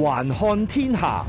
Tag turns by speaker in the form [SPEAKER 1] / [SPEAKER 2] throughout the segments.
[SPEAKER 1] 環看天下。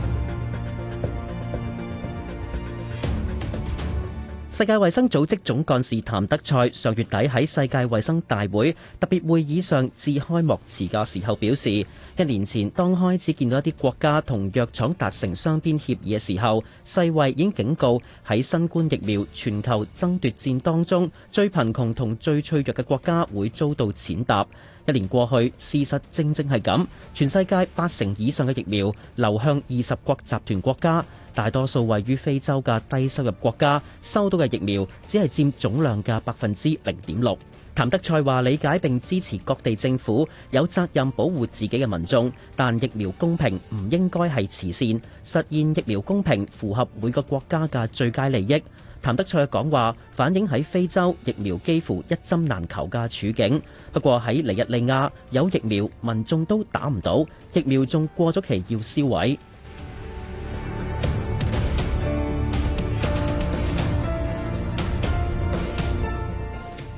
[SPEAKER 1] 世界衛生組織總幹事譚德賽上月底喺世界衛生大會特別會議上致開幕詞嘅時候表示，一年前當開始見到一啲國家同藥廠達成雙邊協議嘅時候，世衛已經警告喺新冠疫苗全球爭奪戰當中，最貧窮同最脆弱嘅國家會遭到踐踏。一年過去，事實正正係咁。全世界八成以上嘅疫苗流向二十國集團國家，大多數位於非洲嘅低收入國家，收到嘅疫苗只係佔總量嘅百分之零點六。譚德塞話：理解並支持各地政府有責任保護自己嘅民眾，但疫苗公平唔應該係慈善，實現疫苗公平符合每個國家嘅最佳利益。譚德塞嘅講話反映喺非洲疫苗幾乎一針難求嘅處境。不過喺尼日利亞有疫苗，民眾都打唔到，疫苗仲過咗期要銷毀。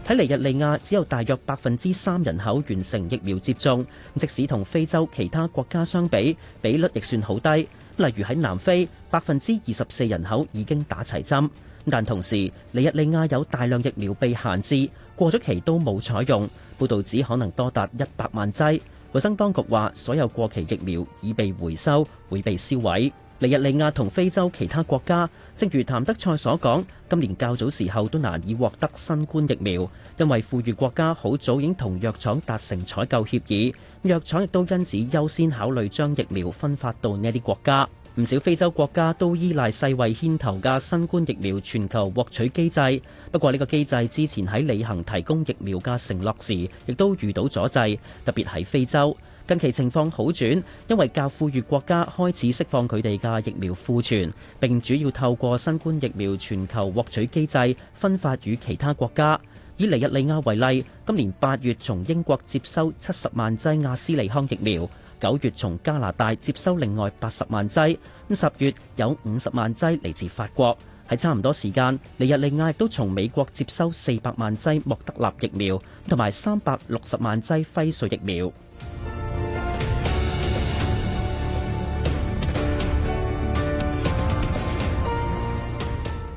[SPEAKER 1] 喺尼日利亞只有大約百分之三人口完成疫苗接種，即使同非洲其他國家相比，比率亦算好低。例如喺南非，百分之二十四人口已經打齊針。但同時尼日利亞有大量疫苗被限制過咗期都冇採用。報道指可能多達一百萬劑。衛生當局話所有過期疫苗已被回收，會被銷毀。尼日利亞同非洲其他國家，正如譚德塞所講，今年較早時候都難以獲得新冠疫苗，因為富裕國家好早已經同藥廠達成採購協議，藥廠亦都因此優先考慮將疫苗分發到呢一啲國家。唔少非洲國家都依賴世衛牽頭嘅新冠疫苗全球獲取機制，不過呢個機制之前喺履行提供疫苗嘅承諾時亦都遇到阻滯，特別喺非洲。近期情況好轉，因為較富裕國家開始釋放佢哋嘅疫苗庫存，並主要透過新冠疫苗全球獲取機制分發與其他國家。以尼日利亞為例，今年八月從英國接收七十萬劑阿斯利康疫苗，九月從加拿大接收另外八十萬劑，咁十月有五十萬劑嚟自法國。喺差唔多時間，尼日利亞亦都從美國接收四百萬劑莫德納疫苗，同埋三百六十萬劑輝瑞疫苗。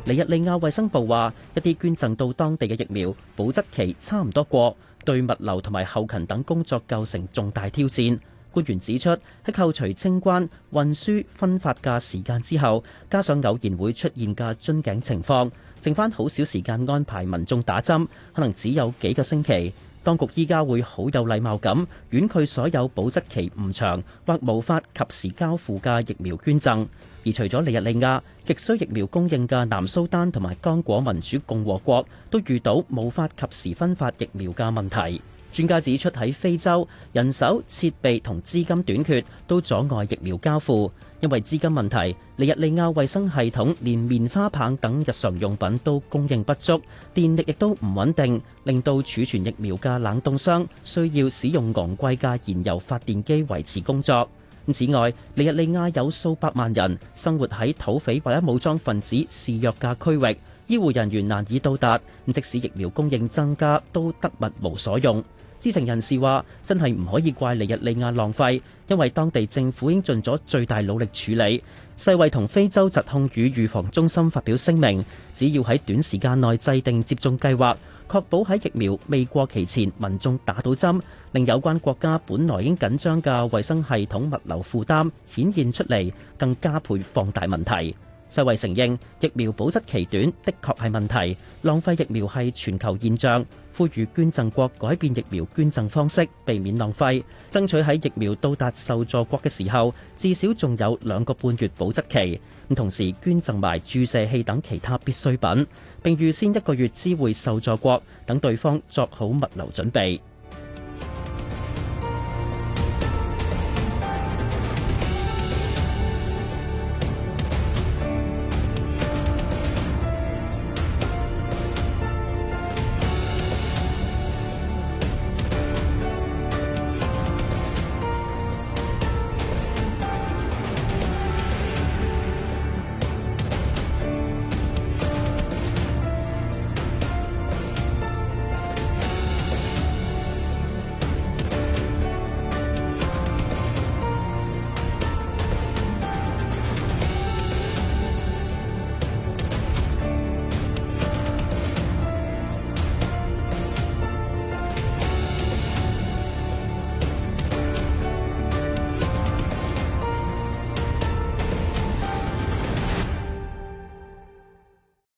[SPEAKER 1] 尼日利，利亞衛生部話：一啲捐贈到當地嘅疫苗保質期差唔多過，對物流同埋後勤等工作構成重大挑戰。官員指出，喺扣除清關、運輸、分發嘅時間之後，加上偶然會出現嘅樽頸情況，剩返好少時間安排民眾打針，可能只有幾個星期。當局依家會好有禮貌咁，婉拒所有保質期唔長或無法及時交付嘅疫苗捐贈。而除咗尼日利亞，極需疫苗供應嘅南蘇丹同埋剛果民主共和國都遇到無法及時分發疫苗嘅問題。專家指出，喺非洲，人手、設備同資金短缺都阻礙疫苗交付。因為資金問題，尼日利亞衛生系統連棉花棒等日常用品都供應不足，電力亦都唔穩定，令到儲存疫苗嘅冷凍箱需要使用昂貴嘅燃油發電機維持工作。此外，尼日利亞有數百萬人生活喺土匪或者武裝分子肆虐嘅區域，醫護人員難以到達，即使疫苗供應增加，都得物無所用。知情人士話真係唔可以怪尼日利亞浪費，因為當地政府已經盡咗最大努力處理。世衛同非洲疾控與預防中心發表聲明，只要喺短時間內制定接種計劃。確保喺疫苗未過期前，民眾打到針，令有關國家本來已經緊張嘅衛生系統物流負擔顯現出嚟，更加倍放大問題。世衞承認疫苗保質期短，的確係問題，浪費疫苗係全球現象。呼籲捐贈國改變疫苗捐贈方式，避免浪費，爭取喺疫苗到達受助國嘅時候，至少仲有兩個半月保質期。同時捐贈埋注射器等其他必需品，並預先一個月知會受助國，等對方作好物流準備。